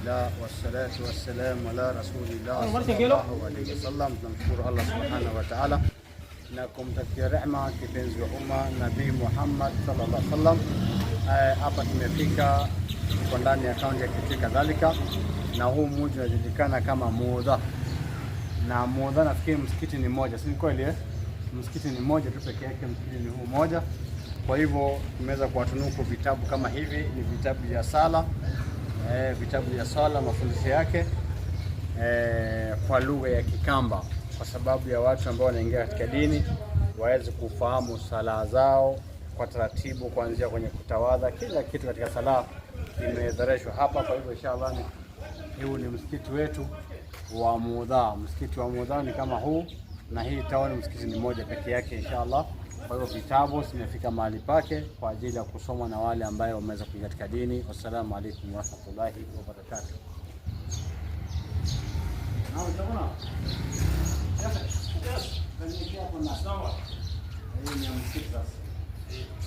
Alhamdulillah wassalatu wassalamu ala rasulillah sallallahu alayhi wasallam. Tunamshukuru Allah subhanahu wa ta'ala na kumtakia rehma kipenzi wa umma Nabii Muhammad sallallahu alayhi wasallam. Eh, hapa tumefika tuko ndani ya kaunti ya Kitui kadhalika, na huu mji unajulikana kama Mudha na Mudha, nafikiri msikiti ni moja, si kweli eh? Msikiti ni moja tu peke yake, msikiti ni huu moja. Kwa hivyo tumeweza kuwatunuku vitabu kama hivi, ni vitabu vya sala eh, vitabu vya sala mafundisho yake eh, kwa lugha ya Kikamba kwa sababu ya watu ambao wanaingia katika dini waweze kufahamu sala zao kwa taratibu, kuanzia kwenye kutawadha. Kila kitu katika sala imedhareshwa hapa. Kwa hivyo inshallah, huu ni msikiti wetu wa Mudha. Msikiti wa Mudha ni kama huu, na hii taoni msikiti ni moja pekee yake inshallah. Kwa hivyo vitabu zimefika mahali pake kwa ajili ya kusomwa na wale ambao wameweza kuingia katika dini. Wassalamu alaikum warahmatullahi wabarakatuh. Yes. Yes.